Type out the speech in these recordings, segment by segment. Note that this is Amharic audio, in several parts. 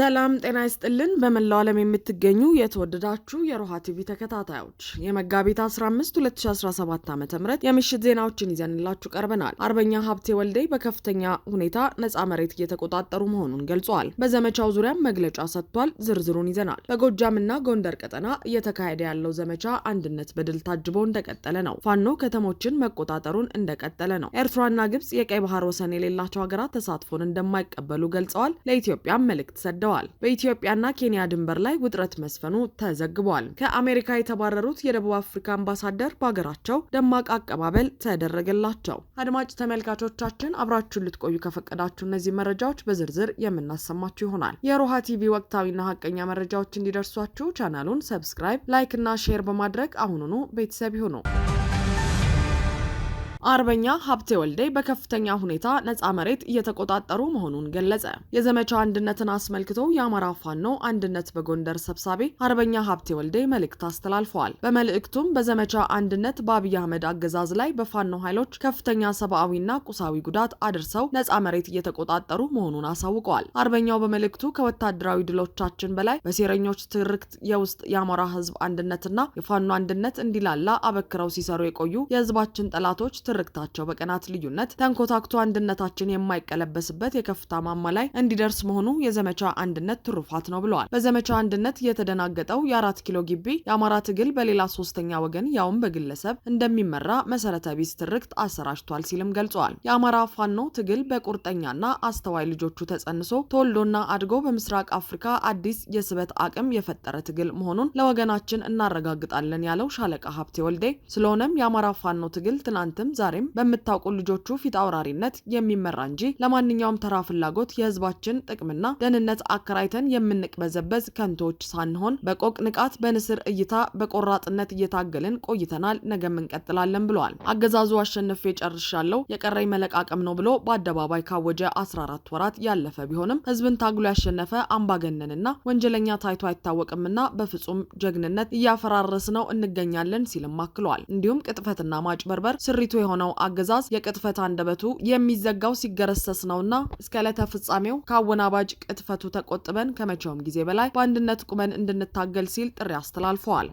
ሰላም ጤና ይስጥልን። በመላው ዓለም የምትገኙ የተወደዳችሁ የሮሃ ቲቪ ተከታታዮች የመጋቢት 15 2017 ዓ ም የምሽት ዜናዎችን ይዘንላችሁ ቀርበናል። አርበኛ ሀብቴ ወልዴ በከፍተኛ ሁኔታ ነፃ መሬት እየተቆጣጠሩ መሆኑን ገልጿል። በዘመቻው ዙሪያም መግለጫ ሰጥቷል። ዝርዝሩን ይዘናል። በጎጃምና ጎንደር ቀጠና እየተካሄደ ያለው ዘመቻ አንድነት በድል ታጅቦ እንደቀጠለ ነው። ፋኖ ከተሞችን መቆጣጠሩን እንደቀጠለ ነው። ኤርትራና ግብጽ የቀይ ባህር ወሰን የሌላቸው ሀገራት ተሳትፎን እንደማይቀበሉ ገልጸዋል። ለኢትዮጵያም መልእክት ሰደዋል። ተናግረዋል። በኢትዮጵያና ኬንያ ድንበር ላይ ውጥረት መስፈኑ ተዘግቧል። ከአሜሪካ የተባረሩት የደቡብ አፍሪካ አምባሳደር በሀገራቸው ደማቅ አቀባበል ተደረገላቸው። አድማጭ ተመልካቾቻችን አብራችሁን ልትቆዩ ከፈቀዳችሁ እነዚህ መረጃዎች በዝርዝር የምናሰማችሁ ይሆናል። የሮሃ ቲቪ ወቅታዊና ሀቀኛ መረጃዎች እንዲደርሷችሁ ቻናሉን ሰብስክራይብ፣ ላይክ እና ሼር በማድረግ አሁኑኑ ቤተሰብ ይሁኑ። አርበኛ ሀብቴ ወልዴ በከፍተኛ ሁኔታ ነፃ መሬት እየተቆጣጠሩ መሆኑን ገለጸ። የዘመቻ አንድነትን አስመልክቶ የአማራ ፋኖ አንድነት በጎንደር ሰብሳቢ አርበኛ ሀብቴ ወልዴ መልእክት አስተላልፈዋል። በመልእክቱም በዘመቻ አንድነት በአብይ አህመድ አገዛዝ ላይ በፋኖ ኃይሎች ከፍተኛ ሰብአዊና ቁሳዊ ጉዳት አድርሰው ነፃ መሬት እየተቆጣጠሩ መሆኑን አሳውቀዋል። አርበኛው በመልእክቱ ከወታደራዊ ድሎቻችን በላይ በሴረኞች ትርክት የውስጥ የአማራ ህዝብ አንድነትና የፋኖ አንድነት እንዲላላ አበክረው ሲሰሩ የቆዩ የህዝባችን ጠላቶች ትርክታቸው በቀናት ልዩነት ተንኮታክቶ አንድነታችን የማይቀለበስበት የከፍታ ማማ ላይ እንዲደርስ መሆኑ የዘመቻ አንድነት ትሩፋት ነው ብለዋል። በዘመቻ አንድነት የተደናገጠው የአራት ኪሎ ግቢ የአማራ ትግል በሌላ ሶስተኛ ወገን ያውም በግለሰብ እንደሚመራ መሰረተ ቢስ ትርክት አሰራጭቷል ሲልም ገልጸዋል። የአማራ ፋኖ ትግል በቁርጠኛና አስተዋይ ልጆቹ ተጸንሶ ተወልዶና አድጎ በምስራቅ አፍሪካ አዲስ የስበት አቅም የፈጠረ ትግል መሆኑን ለወገናችን እናረጋግጣለን ያለው ሻለቃ ሀብቴ ወልዴ፣ ስለሆነም የአማራ ፋኖ ትግል ትናንትም ዛሬም በምታውቁ ልጆቹ ፊት አውራሪነት የሚመራ እንጂ ለማንኛውም ተራ ፍላጎት የህዝባችን ጥቅምና ደህንነት አከራይተን የምንቅበዘበዝ ከንቶች ሳንሆን በቆቅ ንቃት በንስር እይታ በቆራጥነት እየታገልን ቆይተናል። ነገም እንቀጥላለን ብለዋል። አገዛዙ አሸንፌ ጨርሻለሁ የቀረኝ መለቃቀም ነው ብሎ በአደባባይ ካወጀ 14 ወራት ያለፈ ቢሆንም ህዝብን ታግሎ ያሸነፈ አምባገነንና ወንጀለኛ ታይቶ አይታወቅምና በፍጹም ጀግንነት እያፈራረስ ነው እንገኛለን ሲልም አክለዋል። እንዲሁም ቅጥፈትና ማጭበርበር ስሪቱ የሆነው አገዛዝ የቅጥፈት አንደበቱ የሚዘጋው ሲገረሰስ ነውና እስከ ዕለተ ፍጻሜው ከአወናባጅ ቅጥፈቱ ተቆጥበን ከመቼውም ጊዜ በላይ በአንድነት ቁመን እንድንታገል ሲል ጥሪ አስተላልፈዋል።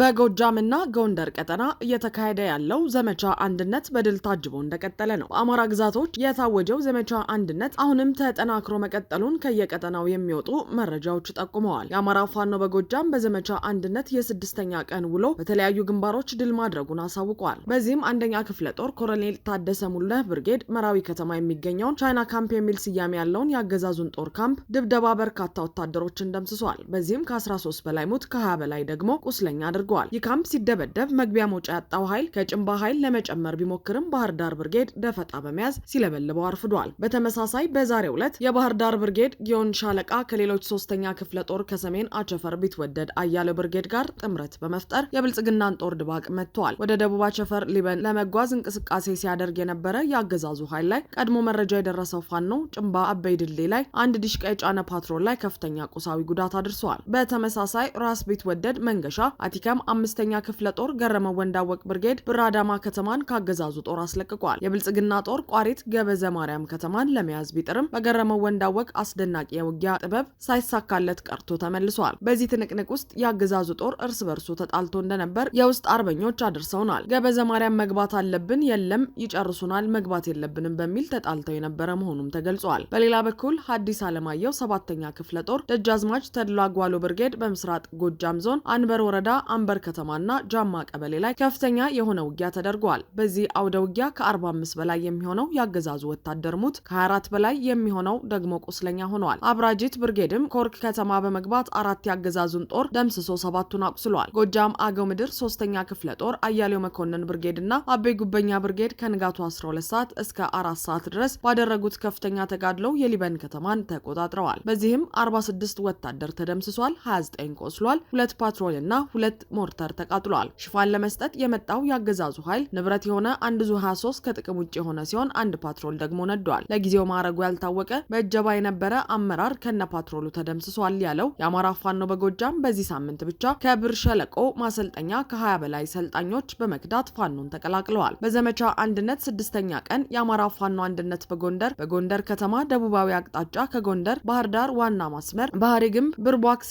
በጎጃምና ጎንደር ቀጠና እየተካሄደ ያለው ዘመቻ አንድነት በድል ታጅቦ እንደቀጠለ ነው። በአማራ ግዛቶች የታወጀው ዘመቻ አንድነት አሁንም ተጠናክሮ መቀጠሉን ከየቀጠናው የሚወጡ መረጃዎች ጠቁመዋል። የአማራ ፋኖ በጎጃም በዘመቻ አንድነት የስድስተኛ ቀን ውሎ በተለያዩ ግንባሮች ድል ማድረጉን አሳውቋል። በዚህም አንደኛ ክፍለ ጦር ኮሎኔል ታደሰ ሙሉነህ ብርጌድ መራዊ ከተማ የሚገኘውን ቻይና ካምፕ የሚል ስያሜ ያለውን የአገዛዙን ጦር ካምፕ ድብደባ በርካታ ወታደሮችን ደምስሷል። በዚህም ከ13 በላይ ሙት ከ20 በላይ ደግሞ ቁስለኛ አድርገዋል። ይህ ካምፕ ሲደበደብ መግቢያ መውጫ ያጣው ኃይል ከጭንባ ኃይል ለመጨመር ቢሞክርም ባህር ዳር ብርጌድ ደፈጣ በመያዝ ሲለበልበው አርፍዷል። በተመሳሳይ በዛሬው ዕለት የባህር ዳር ብርጌድ ጊዮን ሻለቃ ከሌሎች ሶስተኛ ክፍለ ጦር ከሰሜን አቸፈር ቢትወደድ አያሌው ብርጌድ ጋር ጥምረት በመፍጠር የብልጽግናን ጦር ድባቅ መጥተዋል። ወደ ደቡብ አቸፈር ሊበን ለመጓዝ እንቅስቃሴ ሲያደርግ የነበረ የአገዛዙ ኃይል ላይ ቀድሞ መረጃ የደረሰው ፋኖ ጭንባ አበይ ድልድይ ላይ አንድ ዲሽቃ የጫነ ፓትሮል ላይ ከፍተኛ ቁሳዊ ጉዳት አድርሰዋል። በተመሳሳይ ራስ ቢትወደድ መንገሻ አቲ መከላከያም አምስተኛ ክፍለ ጦር ገረመ ወንዳወቅ ብርጌድ ብራዳማ ከተማን ካገዛዙ ጦር አስለቅቋል። የብልጽግና ጦር ቋሪት ገበዘ ማርያም ከተማን ለመያዝ ቢጥርም በገረመው ወንዳወቅ አስደናቂ የውጊያ ጥበብ ሳይሳካለት ቀርቶ ተመልሷል። በዚህ ትንቅንቅ ውስጥ የአገዛዙ ጦር እርስ በርሱ ተጣልቶ እንደነበር የውስጥ አርበኞች አድርሰውናል። ገበዘ ማርያም መግባት አለብን፣ የለም ይጨርሱናል፣ መግባት የለብንም በሚል ተጣልተው የነበረ መሆኑም ተገልጿል። በሌላ በኩል ሐዲስ ዓለማየሁ ሰባተኛ ክፍለ ጦር ደጃዝማች ተድላ ጓሎ ብርጌድ በምስራቅ ጎጃም ዞን አንበር ወረዳ አንበር ከተማና ጃማ ቀበሌ ላይ ከፍተኛ የሆነ ውጊያ ተደርጓል። በዚህ አውደ ውጊያ ከ45 በላይ የሚሆነው የአገዛዙ ወታደር ሙት፣ ከ24 በላይ የሚሆነው ደግሞ ቁስለኛ ሆነዋል። አብራጂት ብርጌድም ኮርክ ከተማ በመግባት አራት የአገዛዙን ጦር ደምስሶ ሰባቱን አቁስሏል። ጎጃም አገው ምድር ሶስተኛ ክፍለ ጦር አያሌው መኮንን ብርጌድና አቤ ጉበኛ ብርጌድ ከንጋቱ 12 ሰዓት እስከ አራት ሰዓት ድረስ ባደረጉት ከፍተኛ ተጋድለው የሊበን ከተማን ተቆጣጥረዋል። በዚህም 46 ወታደር ተደምስሷል፣ 29 ቆስሏል፣ ሁለት ፓትሮል እና ሁለት ሞርተር ተቃጥሏል። ሽፋን ለመስጠት የመጣው የአገዛዙ ኃይል ንብረት የሆነ አንድ ዙ 23 ከጥቅም ውጭ የሆነ ሲሆን አንድ ፓትሮል ደግሞ ነዷል። ለጊዜው ማዕረጉ ያልታወቀ በእጀባ የነበረ አመራር ከነ ፓትሮሉ ተደምስሷል ያለው የአማራ ፋኖ በጎጃም በዚህ ሳምንት ብቻ ከብር ሸለቆ ማሰልጠኛ ከ20 በላይ ሰልጣኞች በመክዳት ፋኖን ተቀላቅለዋል። በዘመቻ አንድነት ስድስተኛ ቀን የአማራ ፋኖ አንድነት በጎንደር በጎንደር ከተማ ደቡባዊ አቅጣጫ ከጎንደር ባህር ዳር ዋና ማስመር ባህሪ ግንብ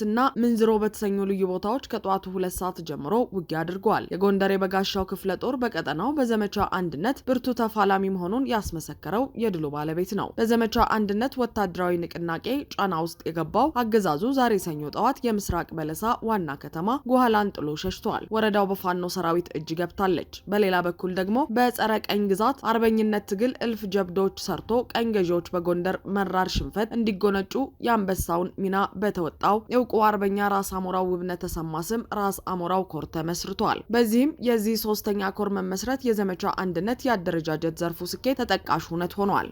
እና ምንዝሮ በተሰኙ ልዩ ቦታዎች ከጠዋቱ ሁለት ከሰዓት ጀምሮ ውጊያ አድርገዋል። የጎንደር የበጋሻው ክፍለ ጦር በቀጠናው በዘመቻ አንድነት ብርቱ ተፋላሚ መሆኑን ያስመሰከረው የድሉ ባለቤት ነው። በዘመቻ አንድነት ወታደራዊ ንቅናቄ ጫና ውስጥ የገባው አገዛዙ ዛሬ ሰኞ ጠዋት የምስራቅ በለሳ ዋና ከተማ ጉኋላን ጥሎ ሸሽተዋል። ወረዳው በፋኖ ሰራዊት እጅ ገብታለች። በሌላ በኩል ደግሞ በጸረ ቀኝ ግዛት አርበኝነት ትግል እልፍ ጀብዶች ሰርቶ ቀኝ ገዢዎች በጎንደር መራር ሽንፈት እንዲጎነጩ የአንበሳውን ሚና በተወጣው እውቁ አርበኛ ራስ አሞራው ውብነ ተሰማ ስም ራስ አሞራው ኮር ተመስርቷል። በዚህም የዚህ ሶስተኛ ኮር መመስረት የዘመቻ አንድነት የአደረጃጀት ዘርፉ ስኬት ተጠቃሽ እውነት ሆኗል።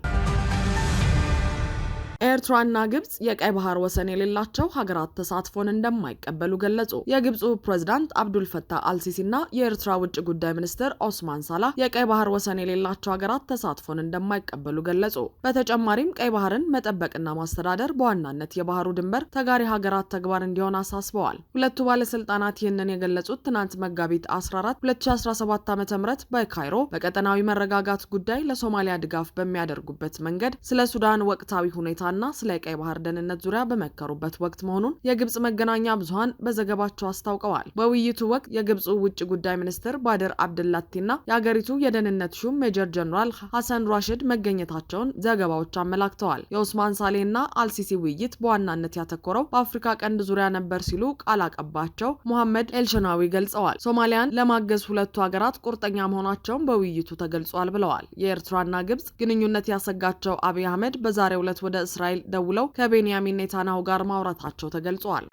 ኤርትራና ግብጽ የቀይ ባህር ወሰን የሌላቸው ሀገራት ተሳትፎን እንደማይቀበሉ ገለጹ። የግብፁ ፕሬዝዳንት አብዱልፈታህ አልሲሲና የኤርትራ ውጭ ጉዳይ ሚኒስትር ኦስማን ሳላ የቀይ ባህር ወሰን የሌላቸው ሀገራት ተሳትፎን እንደማይቀበሉ ገለጹ። በተጨማሪም ቀይ ባህርን መጠበቅና ማስተዳደር በዋናነት የባህሩ ድንበር ተጋሪ ሀገራት ተግባር እንዲሆን አሳስበዋል። ሁለቱ ባለስልጣናት ይህንን የገለጹት ትናንት መጋቢት 14 2017 ዓ ም በካይሮ በቀጠናዊ መረጋጋት ጉዳይ ለሶማሊያ ድጋፍ በሚያደርጉበት መንገድ ስለ ሱዳን ወቅታዊ ሁኔታ ሁኔታና ስለ ቀይ ባህር ደህንነት ዙሪያ በመከሩበት ወቅት መሆኑን የግብጽ መገናኛ ብዙሀን በዘገባቸው አስታውቀዋል። በውይይቱ ወቅት የግብፁ ውጭ ጉዳይ ሚኒስትር ባደር አብድላቲና የአገሪቱ የደህንነት ሹም ሜጀር ጀኔራል ሐሰን ራሽድ መገኘታቸውን ዘገባዎች አመላክተዋል። የኦስማን ሳሌና አልሲሲ ውይይት በዋናነት ያተኮረው በአፍሪካ ቀንድ ዙሪያ ነበር ሲሉ ቃል አቀባቸው ሙሐመድ ኤልሸናዊ ገልጸዋል። ሶማሊያን ለማገዝ ሁለቱ ሀገራት ቁርጠኛ መሆናቸውን በውይይቱ ተገልጿል ብለዋል። የኤርትራና ግብጽ ግንኙነት ያሰጋቸው አብይ አህመድ በዛሬው ዕለት ወደ እስራኤል ደውለው ከቤንያሚን ኔታናሁ ጋር ማውራታቸው ተገልጿል።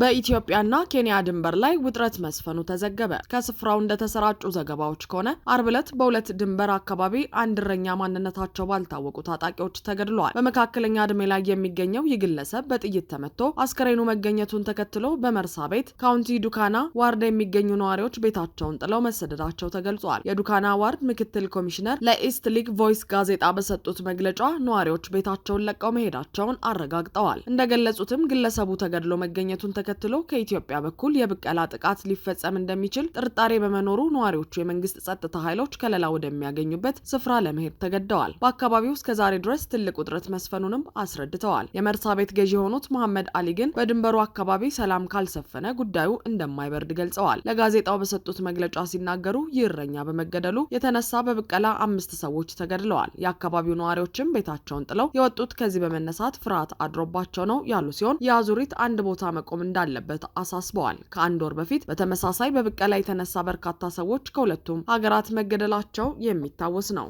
በኢትዮጵያና ኬንያ ድንበር ላይ ውጥረት መስፈኑ ተዘገበ። ከስፍራው እንደተሰራጩ ዘገባዎች ከሆነ አርብ ዕለት በሁለት ድንበር አካባቢ አንድ እረኛ ማንነታቸው ባልታወቁ ታጣቂዎች ተገድለዋል። በመካከለኛ ዕድሜ ላይ የሚገኘው ይህ ግለሰብ በጥይት ተመትቶ አስከሬኑ መገኘቱን ተከትሎ በመርሳ ቤት ካውንቲ ዱካና ዋርድ የሚገኙ ነዋሪዎች ቤታቸውን ጥለው መሰደዳቸው ተገልጿል። የዱካና ዋርድ ምክትል ኮሚሽነር ለኢስት ሊግ ቮይስ ጋዜጣ በሰጡት መግለጫ ነዋሪዎች ቤታቸውን ለቀው መሄዳቸውን አረጋግጠዋል። እንደገለጹትም ግለሰቡ ተገድሎ መገኘቱን ተከትሎ ከኢትዮጵያ በኩል የብቀላ ጥቃት ሊፈጸም እንደሚችል ጥርጣሬ በመኖሩ ነዋሪዎቹ የመንግስት ጸጥታ ኃይሎች ከለላ ወደሚያገኙበት ስፍራ ለመሄድ ተገደዋል። በአካባቢው እስከ ዛሬ ድረስ ትልቅ ውጥረት መስፈኑንም አስረድተዋል። የመርሳ ቤት ገዢ የሆኑት መሐመድ አሊ ግን በድንበሩ አካባቢ ሰላም ካልሰፈነ ጉዳዩ እንደማይበርድ ገልጸዋል። ለጋዜጣው በሰጡት መግለጫ ሲናገሩ ይህ እረኛ በመገደሉ የተነሳ በብቀላ አምስት ሰዎች ተገድለዋል። የአካባቢው ነዋሪዎችም ቤታቸውን ጥለው የወጡት ከዚህ በመነሳት ፍርሃት አድሮባቸው ነው ያሉ ሲሆን የአዙሪት አንድ ቦታ መቆም እንዳለበት አሳስበዋል። ከአንድ ወር በፊት በተመሳሳይ በብቀላ የተነሳ በርካታ ሰዎች ከሁለቱም ሀገራት መገደላቸው የሚታወስ ነው።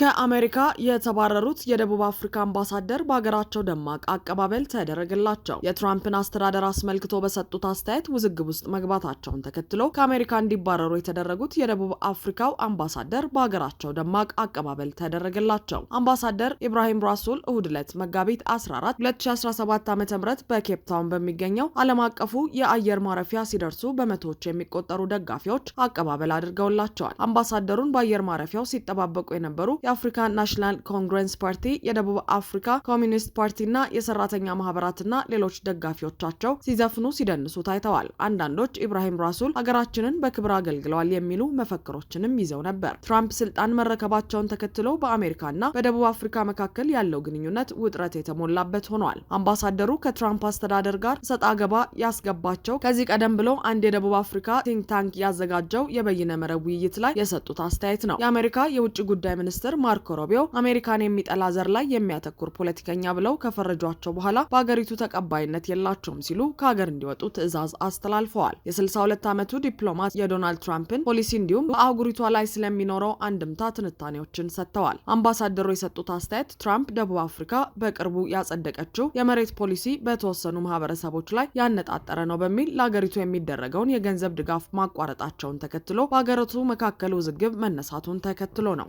ከአሜሪካ የተባረሩት የደቡብ አፍሪካ አምባሳደር በሀገራቸው ደማቅ አቀባበል ተደረገላቸው። የትራምፕን አስተዳደር አስመልክቶ በሰጡት አስተያየት ውዝግብ ውስጥ መግባታቸውን ተከትሎ ከአሜሪካ እንዲባረሩ የተደረጉት የደቡብ አፍሪካው አምባሳደር በሀገራቸው ደማቅ አቀባበል ተደረገላቸው። አምባሳደር ኢብራሂም ራሱል እሁድ ዕለት መጋቢት 14 2017 ዓ ም በሚገኘው ዓለም አቀፉ የአየር ማረፊያ ሲደርሱ በመቶዎች የሚቆጠሩ ደጋፊዎች አቀባበል አድርገውላቸዋል። አምባሳደሩን በአየር ማረፊያው ሲጠባበቁ የነበሩ የአፍሪካ ናሽናል ኮንግረስ ፓርቲ፣ የደቡብ አፍሪካ ኮሚኒስት ፓርቲና የሰራተኛ ማህበራትና ሌሎች ደጋፊዎቻቸው ሲዘፍኑ ሲደንሱ ታይተዋል። አንዳንዶች ኢብራሂም ራሱል ሀገራችንን በክብር አገልግለዋል የሚሉ መፈክሮችንም ይዘው ነበር። ትራምፕ ስልጣን መረከባቸውን ተከትሎ በአሜሪካና በደቡብ አፍሪካ መካከል ያለው ግንኙነት ውጥረት የተሞላበት ሆኗል። አምባሳደሩ ከትራምፕ አስተዳደር ጋር ሰጣ ገባ ያስገባቸው ከዚህ ቀደም ብሎ አንድ የደቡብ አፍሪካ ቲንክ ታንክ ያዘጋጀው የበይነ መረብ ውይይት ላይ የሰጡት አስተያየት ነው። የአሜሪካ የውጭ ጉዳይ ሚኒስትር ማርኮ ሮቢዮ አሜሪካን የሚጠላ ዘር ላይ የሚያተኩር ፖለቲከኛ ብለው ከፈረጇቸው በኋላ በአገሪቱ ተቀባይነት የላቸውም ሲሉ ከሀገር እንዲወጡ ትዕዛዝ አስተላልፈዋል። የ62 ዓመቱ ዲፕሎማት የዶናልድ ትራምፕን ፖሊሲ እንዲሁም በአህጉሪቷ ላይ ስለሚኖረው አንድምታ ትንታኔዎችን ሰጥተዋል። አምባሳደሩ የሰጡት አስተያየት ትራምፕ ደቡብ አፍሪካ በቅርቡ ያጸደቀችው የመሬት ፖሊሲ በተወሰኑ ማህበረሰቦች ላይ ያነጣጠረ ነው በሚል ለአገሪቱ የሚደረገውን የገንዘብ ድጋፍ ማቋረጣቸውን ተከትሎ በሀገሪቱ መካከል ውዝግብ መነሳቱን ተከትሎ ነው።